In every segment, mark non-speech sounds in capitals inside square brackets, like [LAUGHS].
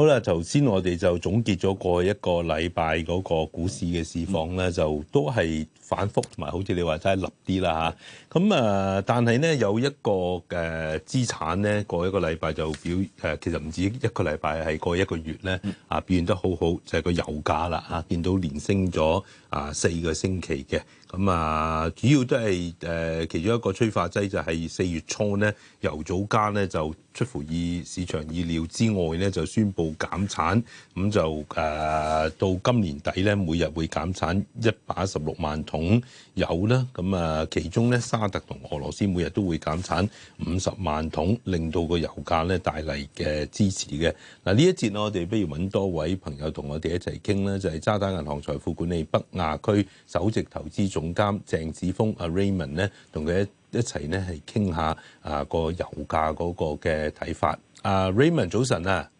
好啦，頭先我哋就總結咗過去一個禮拜嗰個股市嘅市況咧，就都係反覆同埋，好似你話齋立啲啦嚇。咁啊，但係咧有一個誒、啊、資產咧，過一個禮拜就表誒、啊，其實唔止一個禮拜，係過一個月咧啊，表現得好好，就係、是、個油價啦啊，見到連升咗啊四個星期嘅。咁啊，主要都係誒、呃、其中一個催化劑就係四月初咧，油組咧就出乎意市場意料之外咧，就宣布減產，咁就誒、呃、到今年底咧，每日會減產一百一十六萬桶油啦。咁啊，其中咧沙特同俄羅斯每日都會減產五十萬桶，令到個油價咧帶嚟嘅支持嘅。嗱，呢一節呢我哋不如揾多位朋友同我哋一齊傾啦，就係、是、渣打銀行財富管理北亞區首席投資總總監鄭子豐阿 Raymond 咧，同佢一一齊咧，係傾下啊個油價嗰個嘅睇法。阿、uh, Raymond 早晨啊，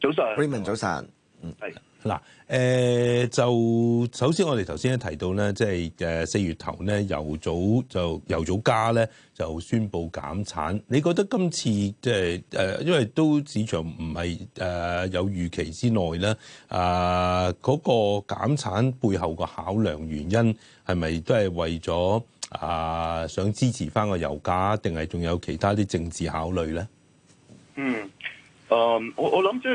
早晨安，Raymond 早晨，嗯，係。嗱，誒、呃、就首先我哋頭先咧提到咧，即係誒四月頭咧，油組就油組加咧就宣布減產。你覺得今次即係誒，因為都市場唔係誒有預期之內咧，啊、呃、嗰、那個減產背後個考量原因係咪都係為咗啊、呃、想支持返個油價，定係仲有其他啲政治考慮咧？嗯，誒、um, 我我諗住。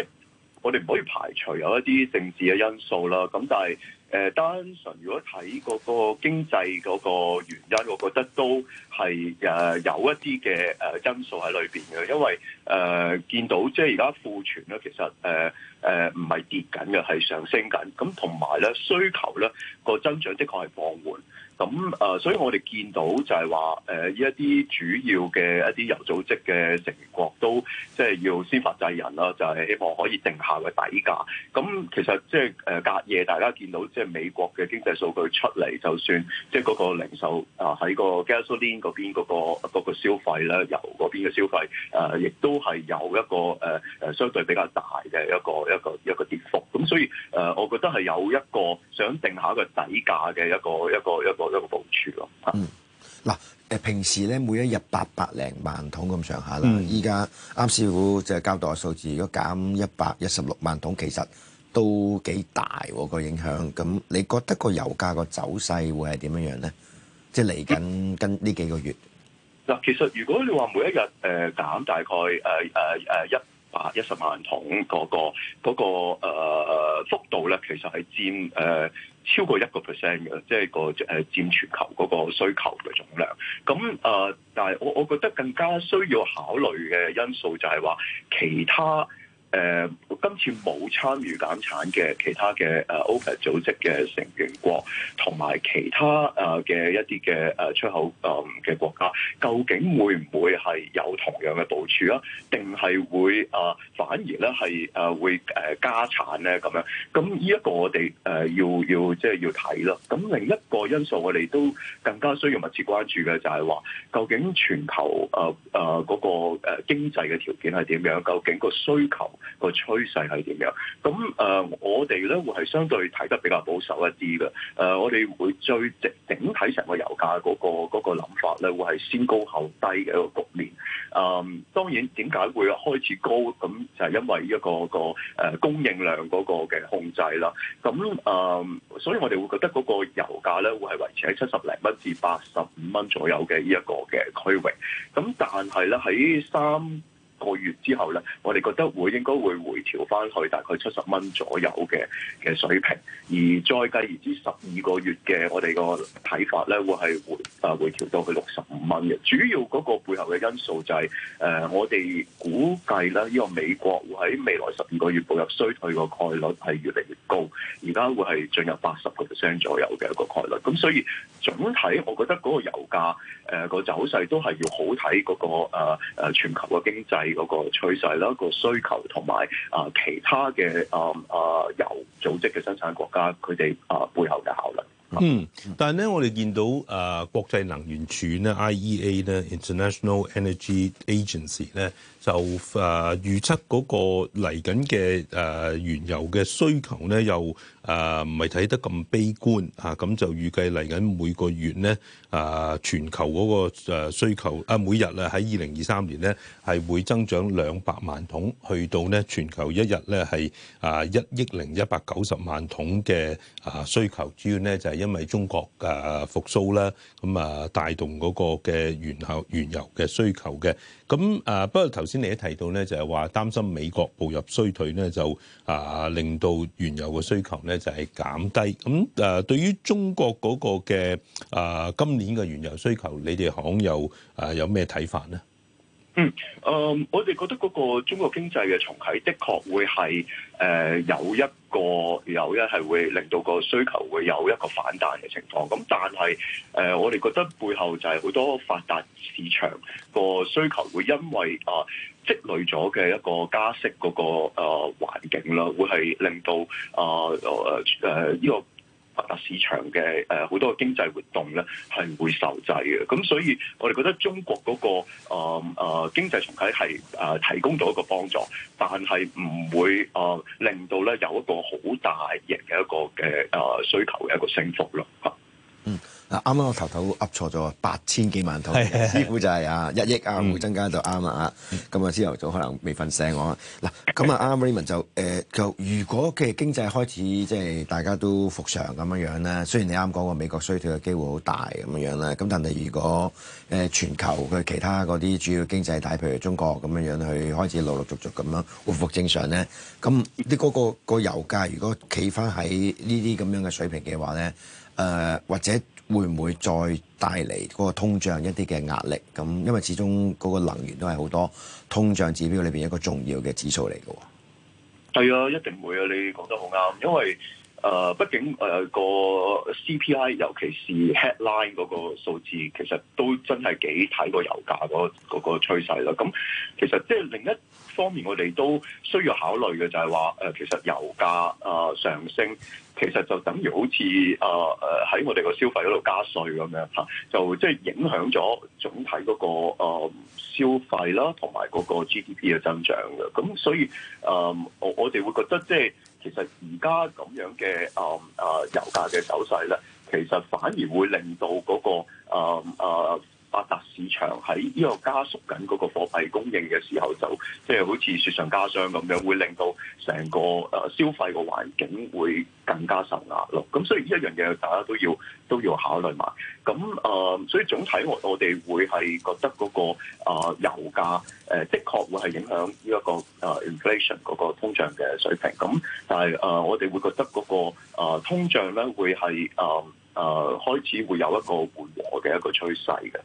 我哋唔可以排除有一啲政治嘅因素啦，咁但係誒、呃、單純如果睇嗰個經濟嗰個原因，我覺得都係誒有一啲嘅誒因素喺裏邊嘅，因為誒、呃、見到即係而家庫存咧，其實誒誒唔係跌緊嘅，係上升緊，咁同埋咧需求咧、個增長的確係放緩。咁誒、嗯，所以我哋見到就係話誒，呢一啲主要嘅一啲油組織嘅成員國都即係要先發制人啦，就係、是、希望可以定下個底價。咁、嗯、其實即係誒隔夜大家見到即係美國嘅經濟數據出嚟，就算即係嗰個零售啊喺個 gasoline 嗰邊嗰、那個那個消費咧、呃，油嗰邊嘅消費誒，亦、呃、都係有一個誒誒、呃、相對比較大嘅一個一個一個，一個跌幅。咁所以誒、呃，我覺得係有一個想定下一個底價嘅一個一個一個。一個一個一個一個補助咯。嗯，嗱、啊，誒平時咧，每一日八百零萬桶咁上下啦。依家啱師傅就係交代個數字，如果減一百一十六萬桶，其實都幾大個影響。咁你覺得個油價個走勢會係點樣樣咧？即係嚟緊跟呢幾個月。嗱，其實如果你話每一日誒、呃、減大概誒誒誒一。呃呃呃百一十萬桶嗰、那個嗰、那個呃、幅度咧，其實係佔誒、呃、超過一個、就是那個 percent 嘅，即係個誒佔全球嗰個需求嘅總量。咁誒、呃，但係我我覺得更加需要考慮嘅因素就係話其他。誒、呃、今次冇參與減產嘅其他嘅誒 OPEC 組織嘅成員國，同埋其他誒嘅一啲嘅誒出口誒嘅、嗯、國家，究竟會唔會係有同樣嘅部署？啊？定係會啊反而咧係誒會誒加產咧咁樣？咁呢一個我哋誒要要即係、就是、要睇咯。咁另一個因素我哋都更加需要密切關注嘅就係話，究竟全球誒誒嗰個誒經濟嘅條件係點樣？究竟個需求？個趨勢係點樣？咁誒、呃，我哋咧會係相對睇得比較保守一啲嘅。誒、呃，我哋會追整整體成個油價嗰、那個嗰諗、那個、法咧，會係先高後低嘅一個局面。誒、呃，當然點解會開始高？咁就係因為一、這個、那個誒、呃、供應量嗰個嘅控制啦。咁誒、呃，所以我哋會覺得嗰個油價咧會係維持喺七十零蚊至八十五蚊左右嘅呢一個嘅區域。咁但係咧喺三。個月之後咧，我哋覺得會應該會回調翻去大概七十蚊左右嘅嘅水平，而再繼而之十二個月嘅我哋個睇法咧，會係回啊回調到去六十五蚊嘅。主要嗰個背後嘅因素就係、是、誒、呃，我哋估計咧呢、這個美國會喺未來十二個月步入衰退個概率係越嚟越高，而家會係進入八十個 percent 左右嘅一個概率。咁所以總體我覺得嗰個油價誒、呃那個走勢都係要好睇嗰、那個誒、呃、全球嘅經濟。嗰個趨勢啦，嗰個需求同埋啊，其他嘅啊啊，油、呃、組織嘅生產國家佢哋啊背後嘅考慮。嗯，但係咧，我哋見到誒、呃、國際能源署咧 （IEA） 咧，International Energy Agency 咧，就誒預測嗰個嚟緊嘅誒原油嘅需求咧，又誒唔係睇得咁悲觀啊，咁就預計嚟緊每個月咧，啊全球嗰個誒需求啊，每日咧喺二零二三年咧係會增長兩百萬桶，去到咧全球一日咧係啊一億零一百九十萬桶嘅啊需求，主要咧就係、是。因為中國誒復蘇啦，咁啊帶動嗰個嘅原油原油嘅需求嘅，咁啊不過頭先你一提到咧就係話擔心美國步入衰退咧就啊令到原油嘅需求咧就係減低，咁誒、啊、對於中國嗰個嘅誒、啊、今年嘅原油需求，你哋行有誒、啊、有咩睇法咧？嗯，誒，我哋覺得嗰個中國經濟嘅重啟，的確會係誒有一個有一係會令到個需求會有一個反彈嘅情況。咁但係誒、呃，我哋覺得背後就係好多發達市場個需求會因為啊積、呃、累咗嘅一個加息嗰、嗰個誒環、呃、境啦，會係令到啊誒誒呢個。發達市場嘅誒，好、呃、多經濟活動咧係唔會受制嘅，咁所以我哋覺得中國嗰、那個啊啊、呃、經濟重啟係啊、呃、提供到一個幫助，但係唔會啊、呃、令到咧有一個好大型嘅一個嘅啊、呃、需求嘅一個升幅咯。啱啱我頭頭噏錯咗，八千幾萬套， [NOISE] 師傅就係啊一億啊 [NOISE] 會增加到啱啦咁啊，朝頭早可能未瞓醒我。嗱，咁啊，啱 Raymond 就誒、呃，就如果嘅經濟開始即係大家都復常咁樣樣咧，雖然你啱講個美國衰退嘅機會好大咁樣樣咧，咁但係如果誒、呃、全球嘅其他嗰啲主要經濟體，譬如中國咁樣樣去開始陸陸,陸續續咁樣恢復正常咧，咁啲嗰個、個油價如果企翻喺呢啲咁樣嘅水平嘅話咧，誒、呃、或者。會唔會再帶嚟嗰個通脹一啲嘅壓力？咁因為始終嗰個能源都係好多通脹指標裏邊一個重要嘅指數嚟嘅喎。係啊，一定會啊！你講得好啱，因為。誒、呃，畢竟誒個、呃、CPI，尤其是 headline 嗰個數字，其實都真係幾睇個油價嗰嗰個趨勢啦。咁其實即係另一方面，我哋都需要考慮嘅就係話誒，其實油價誒、呃、上升，其實就等於好似誒誒喺我哋個消費嗰度加稅咁樣嚇、啊，就即係影響咗總體嗰、那個、呃、消費啦，同埋嗰個 GDP 嘅增長嘅。咁所以誒、呃，我我哋會覺得即、就、係、是。其實而家咁樣嘅誒誒油價嘅走勢咧，其實反而會令到嗰個誒誒。發達市場喺呢個加速緊嗰個貨幣供應嘅時候就，就即、是、係好似雪上加霜咁樣，會令到成個誒、呃、消費嘅環境會更加受壓咯。咁所以呢一樣嘢，大家都要都要考慮埋。咁誒、呃，所以總體我我哋會係覺得嗰、那個、呃、油價誒的確會係影響呢一個誒、呃、inflation 嗰個通脹嘅水平。咁但係誒、呃，我哋會覺得嗰、那個、呃、通脹咧會係誒。呃誒，開始會有一個緩和嘅一個趨勢嘅。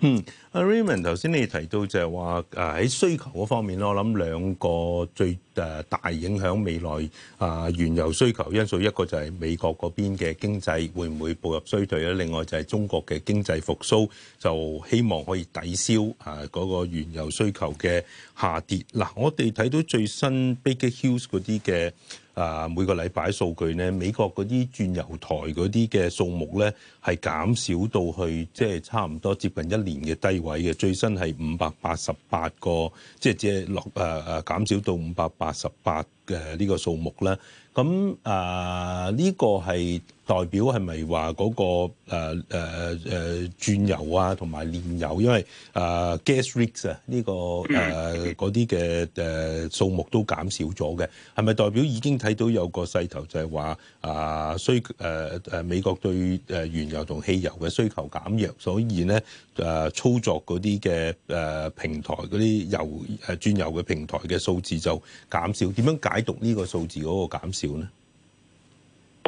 嗯，阿 Raymond，頭先你提到就係話，誒喺需求嗰方面，我諗兩個最誒大影響未來啊、呃、原油需求因素，一個就係美國嗰邊嘅經濟會唔會步入衰退咧？另外就係中國嘅經濟復甦，就希望可以抵消啊嗰、呃那個原油需求嘅下跌。嗱，我哋睇到最新 Baker Hughes 嗰啲嘅啊，每個禮拜數據咧，美國嗰啲鑽油台嗰啲嘅數目咧，係減少到去即係差唔多接近一年嘅低位嘅，最新係五百八十八個，即係即係落誒誒減少到五百八十八嘅呢個數目啦，咁啊呢個係代表係咪話個誒誒誒鑽油啊同埋煉油，因為、呃、gas risk 啊 gas rigs 啊呢個誒啲嘅誒數目都減少咗嘅，係咪代表已經睇到有個勢頭就係話啊需誒誒、呃、美國對誒原油同汽油嘅需求減弱，所以咧誒、呃、操作啲嘅誒平台啲油誒鑽油嘅平台嘅數字就減少，點樣解？喺讀呢個數字嗰個減少咧。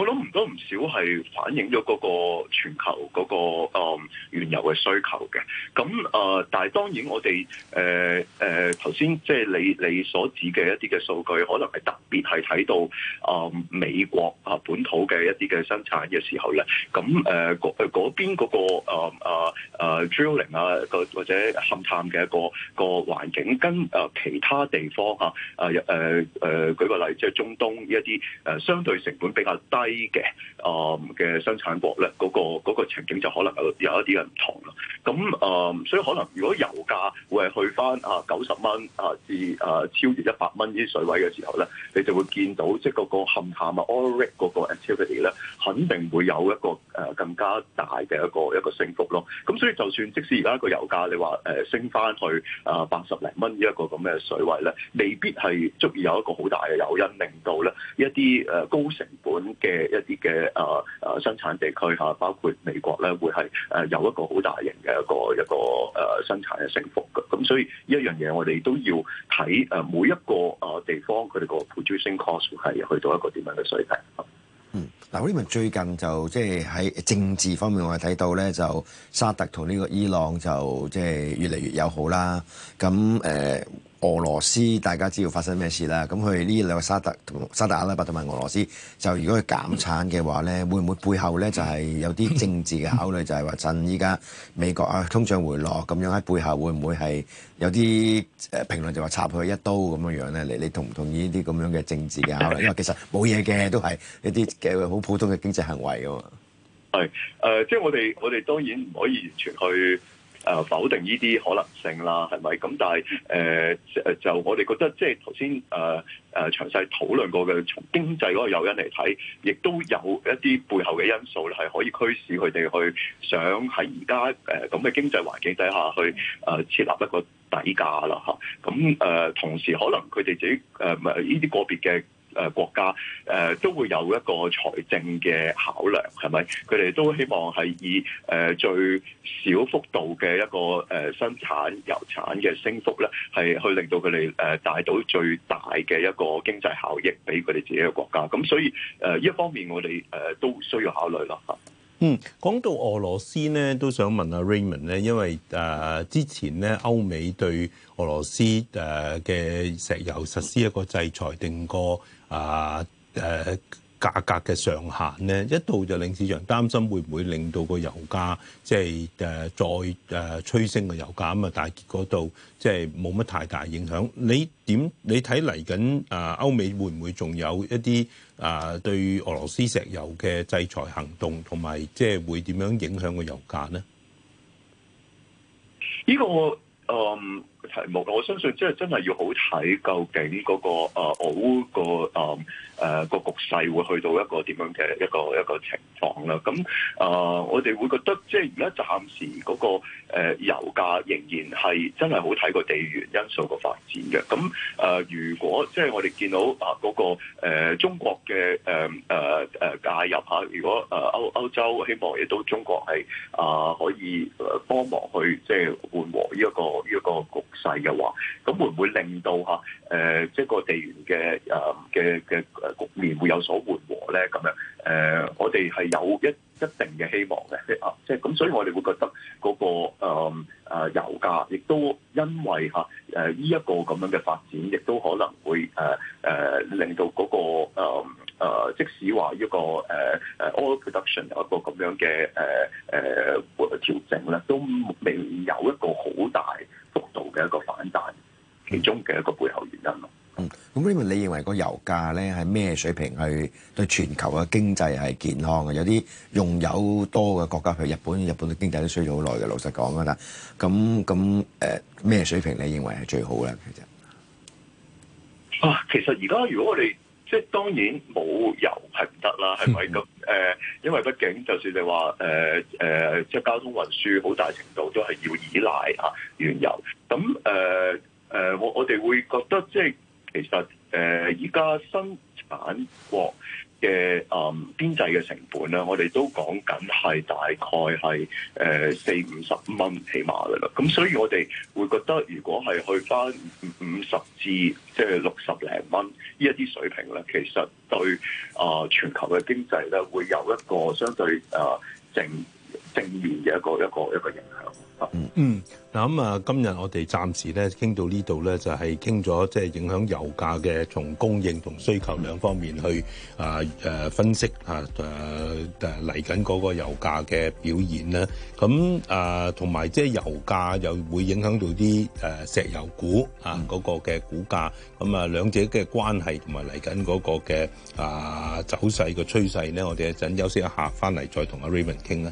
我諗唔多唔少係反映咗嗰個全球嗰個誒原油嘅需求嘅，咁誒，但係當然我哋誒誒頭先即係你你所指嘅一啲嘅數據，可能係特別係睇到誒美國啊本土嘅一啲嘅生產嘅時候咧，咁誒嗰嗰邊嗰個誒誒誒 drilling 啊，個或者勘探嘅一個個環境，跟誒其他地方吓誒誒誒舉個例，即係中東一啲誒相對成本比較低。啲嘅啊嘅生產國咧，嗰個嗰個情景就可能有有一啲嘅唔同啦。咁啊、嗯，所以可能如果油價會係去翻啊九十蚊啊至啊超越一百蚊呢啲水位嘅時候咧，你就會見到即係嗰個勘探啊 oil rig 嗰個 activity 咧，肯定會有一個誒更加大嘅一個一個升幅咯。咁所以就算即使而家個油價你話誒升翻去啊八十零蚊呢一個咁嘅水位咧，未必係足以有一個好大嘅誘因令到咧一啲誒高成本嘅。一啲嘅啊啊生產地區嚇、啊，包括美國咧、啊，會係誒、啊、有一個好大型嘅一個一個誒生產嘅升幅嘅。咁、啊、所以呢一樣嘢我哋都要睇誒、啊、每一個啊地方佢哋個 producing cost 係去到一個點樣嘅水平。嗯，嗱 William 最近就即係喺政治方面我，我哋睇到咧就沙特同呢個伊朗就即係越嚟越友好啦。咁誒。呃俄羅斯大家知道發生咩事啦，咁佢呢兩個沙特同沙特阿拉伯同埋俄羅斯，就如果佢減產嘅話咧，會唔會背後咧就係有啲政治嘅考慮？就係話趁依家美國啊通脹回落咁樣喺背後會唔會係有啲誒評論就話插佢一刀咁樣樣咧？你你同唔同意呢啲咁樣嘅政治嘅考慮？因為其實冇嘢嘅都係一啲嘅好普通嘅經濟行為㗎嘛。係誒、yeah，即係我哋我哋當然唔可以完全去。誒否、啊、定呢啲可能性啦，係咪咁？但係誒誒，就我哋覺得，即係頭先誒誒詳細討論過嘅，從經濟嗰個誘因嚟睇，亦都有一啲背後嘅因素咧，係可以驅使佢哋去想喺而家誒咁嘅經濟環境底下，去誒設立一個底價啦嚇。咁、啊、誒、呃，同時可能佢哋自己誒唔係呢啲個別嘅。誒國家誒都會有一個財政嘅考量，係咪？佢哋都希望係以誒、呃、最小幅度嘅一個誒、呃、生產油產嘅升幅咧，係去令到佢哋誒帶到最大嘅一個經濟效益俾佢哋自己嘅國家。咁所以誒一、呃、方面我，我哋誒都需要考慮啦吓。嗯，講到俄羅斯咧，都想問阿 Raymond 咧，因為誒、呃、之前咧歐美對俄羅斯誒嘅、呃、石油實施一個制裁定過啊誒。呃呃價格嘅上限呢，一度就令市場擔心會唔會令到個油價即係誒再誒推、呃、升個油價咁啊！但係結果到即係冇乜太大影響。你點你睇嚟緊啊？歐美會唔會仲有一啲啊、呃、對俄羅斯石油嘅制裁行動，同埋即係會點樣影響個油價呢？呢、呢個誒。Um 題目，我相信即係真係要好睇，究竟嗰、那個啊俄烏個誒誒個局勢會去到一個點樣嘅一個一個情況啦。咁啊、呃，我哋會覺得即係而家暫時嗰個誒油價仍然係真係好睇個地緣因素個發展嘅。咁誒、呃，如果即係我哋見到啊、那、嗰個誒、呃、中國嘅誒誒誒介入吓、啊，如果誒歐歐洲希望亦都中國係啊可以幫忙去即係緩和呢、這、一個。細嘅話，咁會唔會令到吓，誒， [MUSIC] 即係個地緣嘅，誒嘅嘅誒局面會有所緩和咧？咁 [NOISE] 樣樂，誒，我哋係有一一定嘅希望嘅，即係啊，即係咁，所以我哋會覺得。 [MUSIC] [MUSIC] 價咧係咩水平去對全球嘅經濟係健康嘅？有啲用油多嘅國家，譬如日本，日本嘅經濟都衰咗好耐嘅。老實講啊，咁咁誒咩水平你認為係最好咧？其實啊，其實而家如果我哋即係，當然冇油係唔得啦，係咪咁誒？因為畢竟就算你話誒誒，即係交通運輸好大程度都係要依賴啊原油。咁誒誒，我我哋會覺得即係其實。誒，而家、呃、生產國嘅誒、嗯、經濟嘅成本咧，我哋都講緊係大概係誒四五十蚊起碼嘅啦。咁所以我哋會覺得，如果係去返五十至即係六十零蚊呢一啲水平咧，其實對啊、呃、全球嘅經濟咧，會有一個相對啊、呃、正。正面嘅一個一個一個影響。嗯，嗱咁啊，今日我哋暫時咧傾到呢度咧，就係傾咗即係影響油價嘅，從供應同需求兩方面去啊誒、呃呃、分析啊誒誒嚟緊嗰個油價嘅表現咧。咁啊，同埋即係油價又會影響到啲誒石油股、嗯、啊嗰、嗰個嘅股價。咁、嗯、啊，兩者嘅關係同埋嚟緊嗰個嘅啊走勢嘅趨勢咧，我哋一陣休息一下，翻嚟再同阿 Raymond 傾啦。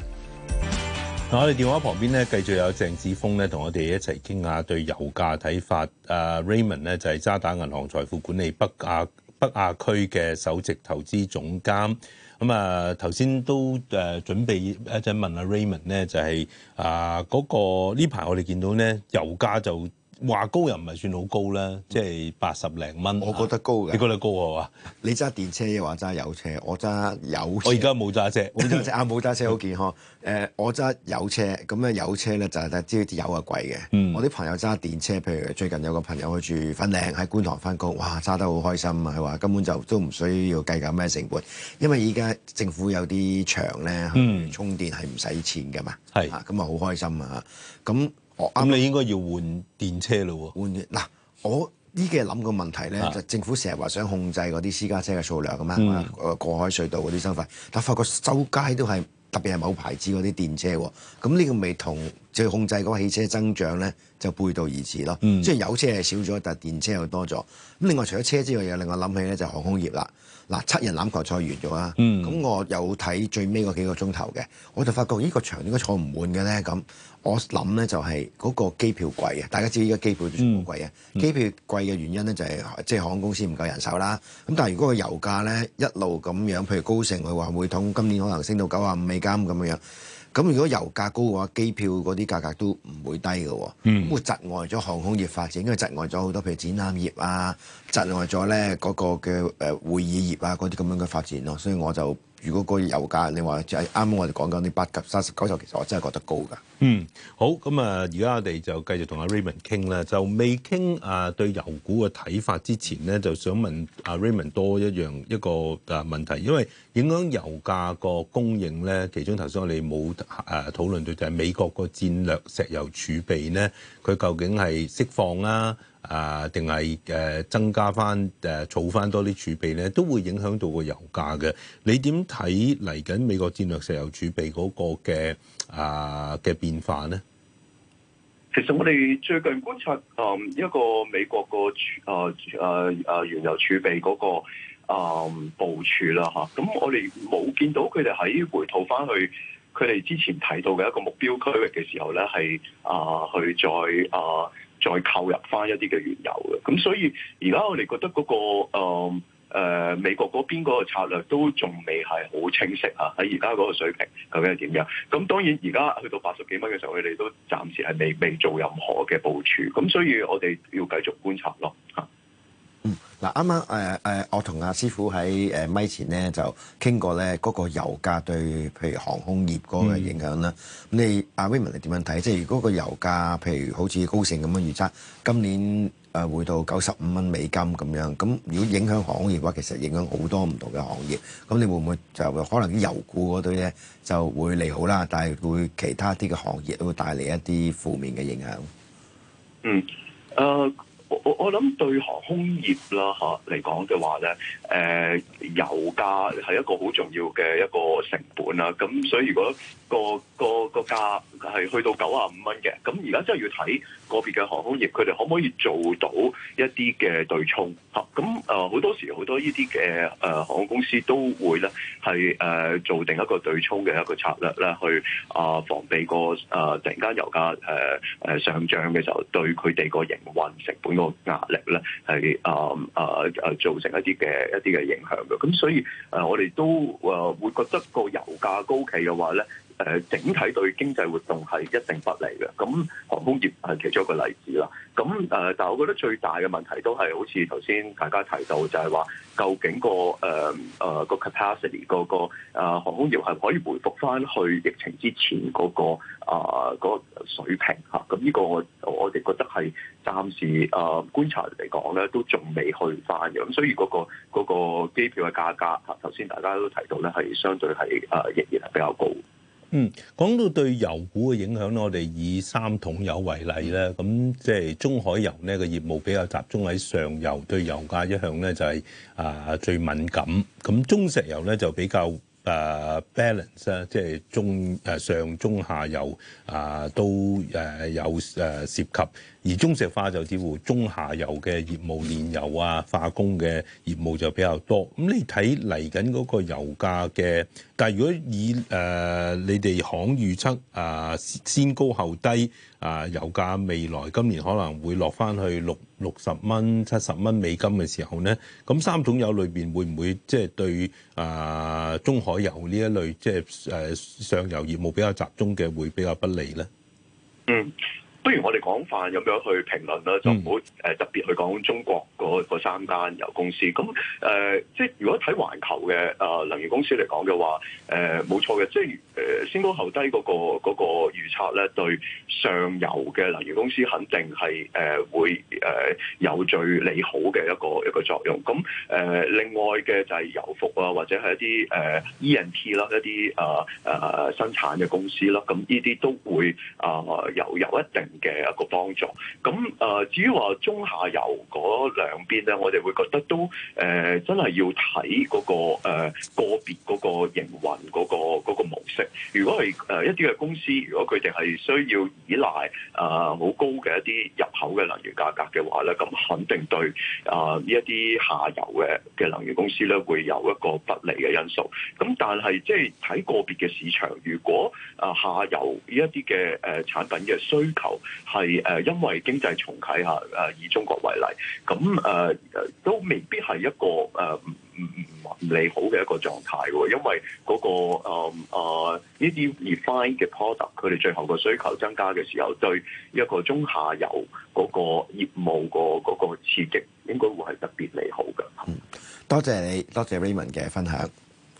啊、我哋電話旁邊咧，繼續有鄭子豐咧，同我哋一齊傾下對油價睇法。阿、啊、Raymond 咧，就係、是、渣打銀行財富管理北亞北亞區嘅首席投資總監。咁啊，頭先都誒、啊、準備一陣問阿 Raymond 咧，就係、是、啊嗰、那個呢排我哋見到咧，油價就。話高又唔係算好高啦，即係八十零蚊。我覺得高嘅，你覺得高啊 [LAUGHS] 你揸電車嘅話揸有車，我揸有。我而家冇揸車，冇揸車， [LAUGHS] 車啊！冇揸車好健康。誒、uh，我揸有車，咁咧有車咧就係、是、咧，只要油啊貴嘅。Mm. 我啲朋友揸電車，譬如最近有個朋友去住粉嶺，喺觀塘翻工，哇，揸得好開心啊！佢話根本就都唔需要計較咩成本，因為而家政府有啲場咧，mm. 是是充電係唔使錢嘅嘛，係咁啊好開心啊咁。哦，咁、嗯、你應該要換電車啦喎、哦，換嗱，我呢幾日諗個問題咧，啊、就政府成日話想控制嗰啲私家車嘅數量咁啊，嗯、過海隧道嗰啲收費，但我發覺周街都係特別係某牌子嗰啲電車喎，咁呢個咪同即係控制嗰個汽車增長咧就背道而馳咯，嗯、即係有車係少咗，但電車又多咗。咁另外除咗車之外又另外諗起咧就航空業啦，嗱，七人欖球賽完咗啦，咁、嗯、我有睇最尾嗰幾個鐘頭嘅，我就發覺呢個場應該坐唔滿嘅咧咁。我諗咧就係嗰個機票貴嘅，大家知而家機票都好貴啊！嗯、機票貴嘅原因咧就係即係航空公司唔夠人手啦。咁但係如果個油價咧一路咁樣，譬如高盛佢話每桶今年可能升到九啊五美金咁樣樣，咁如果油價高嘅話，機票嗰啲價格都唔會低嘅，會窒礙咗航空業發展，因為窒礙咗好多，譬如展覽業啊，窒礙咗咧嗰個嘅誒會議業啊嗰啲咁樣嘅發展咯，所以我就。如果個油價，你話就係啱啱我哋講緊啲八九三十九，就其實我真係覺得高㗎。嗯，好咁啊！而家我哋就繼續同阿 Raymond 傾啦。就未傾啊，對油股嘅睇法之前咧，就想問阿 Raymond 多一樣一個啊問題，因為影響油價個供應咧，其中頭先我哋冇啊討論到，就係、是、美國個戰略石油儲備咧，佢究竟係釋放啦、啊。啊，定係誒增加翻誒、呃、儲翻多啲儲備咧，都會影響到個油價嘅。你點睇嚟緊美國戰略石油儲備嗰個嘅啊嘅變化咧？其實我哋最近觀察誒、嗯、一個美國個儲啊啊原油儲備嗰、那個啊、呃、部署啦嚇，咁、啊、我哋冇見到佢哋喺回頭翻去佢哋之前提到嘅一個目標區域嘅時候咧，係啊去再啊。呃再購入翻一啲嘅原油嘅，咁所以而家我哋覺得嗰、嗰個誒、呃呃、美國嗰邊嗰個策略都仲未係好清晰啊！喺而家嗰個水平究竟係點樣？咁當然而家去到八十幾蚊嘅時候，佢哋都暫時係未未做任何嘅部署，咁所以我哋要繼續觀察咯。嗱啱啱誒誒，我同阿師傅喺誒咪前咧就傾過咧，嗰、嗰個油價對譬如航空業嗰個影響啦。咁、嗯、你阿 William 你點樣睇？即係如果個油價譬如好似高盛咁樣預測今年誒回、呃、到九十五蚊美金咁樣，咁如果影響航空業嘅話，其實影響好多唔同嘅行業。咁你會唔會就可能啲油股嗰堆咧就會利好啦？但係會其他啲嘅行業都會帶嚟一啲負面嘅影響。嗯，誒、uh。我我諗對航空業啦吓嚟講嘅話咧，誒、呃，油價係一個好重要嘅一個成本啦。咁所以如果個個個價係去到九十五蚊嘅，咁而家真係要睇。個別嘅航空業，佢哋可唔可以做到一啲嘅對沖？嚇咁誒，好、呃、多時好多呢啲嘅誒航空公司都會咧係誒做定一個對沖嘅一個策略咧，去啊、呃、防備個誒、呃、突然間油價誒誒、呃、上漲嘅時候，對佢哋個營運成本個壓力咧係啊啊啊造成一啲嘅一啲嘅影響嘅。咁所以誒、呃，我哋都誒會覺得個油價高企嘅話咧。誒整體對經濟活動係一定不利嘅，咁航空業係其中一個例子啦。咁誒、呃，但係我覺得最大嘅問題都係好似頭先大家提到就，就係話究竟個誒誒、呃、個 capacity 個個、啊、航空業係可以回復翻去疫情之前嗰、那個啊嗰、啊啊、水平嚇。咁、啊、呢、這個我我哋覺得係暫時誒、呃、觀察嚟講咧，都仲未去翻嘅。咁所以嗰、那個嗰機票嘅價格嚇，頭、啊、先大家都提到咧，係相對係誒仍然係比較高。嗯，講到對油股嘅影響咧，我哋以三桶油為例咧，咁即係中海油呢個業務比較集中喺上游，對油價一向咧就係啊最敏感。咁中石油咧就比較。誒、uh, balance 啊、uh，即係中誒上中下游啊，uh, 都誒、uh, 有誒、uh, 涉及，而中石化就似乎中下游嘅業務煉油啊、化工嘅業務就比較多。咁、嗯、你睇嚟緊嗰個油價嘅，但係如果以誒、uh, 你哋行預測啊，uh, 先高後低。啊！油價未來今年可能會落翻去六六十蚊、七十蚊美金嘅時候呢，咁三種油裏邊會唔會即係、就是、對啊、呃、中海油呢一類即係誒上游業務比較集中嘅會比較不利呢？嗯。不如我哋廣泛咁樣去評論啦，就唔好誒特別去講中國嗰三間油公司。咁誒、呃，即係如果睇環球嘅啊、呃、能源公司嚟講嘅話，誒、呃、冇錯嘅，即係誒、呃、先高後低嗰、那個嗰、那個預測咧，對上游嘅能源公司肯定係誒、呃、會誒有最利好嘅一個一個作用。咁誒、呃、另外嘅就係油服啊，或者係一啲誒、呃、E N T 啦，一啲啊啊生產嘅公司啦，咁呢啲都會啊油、呃、有一定。嘅一個幫助，咁誒、呃，至於話中下游嗰兩邊咧，我哋會覺得都誒、呃、真係要睇嗰、嗰個誒、呃、個別嗰個營運嗰個嗰、嗰個模式。如果係誒、呃、一啲嘅公司，如果佢哋係需要依賴誒好、呃、高嘅一啲入口嘅能源價格嘅話咧，咁肯定對啊呢一啲下游嘅嘅能源公司咧，會有一個不利嘅因素。咁但係即係睇個別嘅市場，如果誒、呃、下游呢一啲嘅誒產品嘅需求，係誒，因為經濟重啟下，誒，以中國為例，咁誒、呃、都未必係一個誒唔唔唔利好嘅一個狀態嘅，因為嗰、那個誒誒、呃、呢啲 refine 嘅 product，佢哋最後個需求增加嘅時候，對一個中下游嗰個業務個嗰個刺激，應該會係特別利好嘅。嗯，多謝你，多謝 Raymond 嘅分享。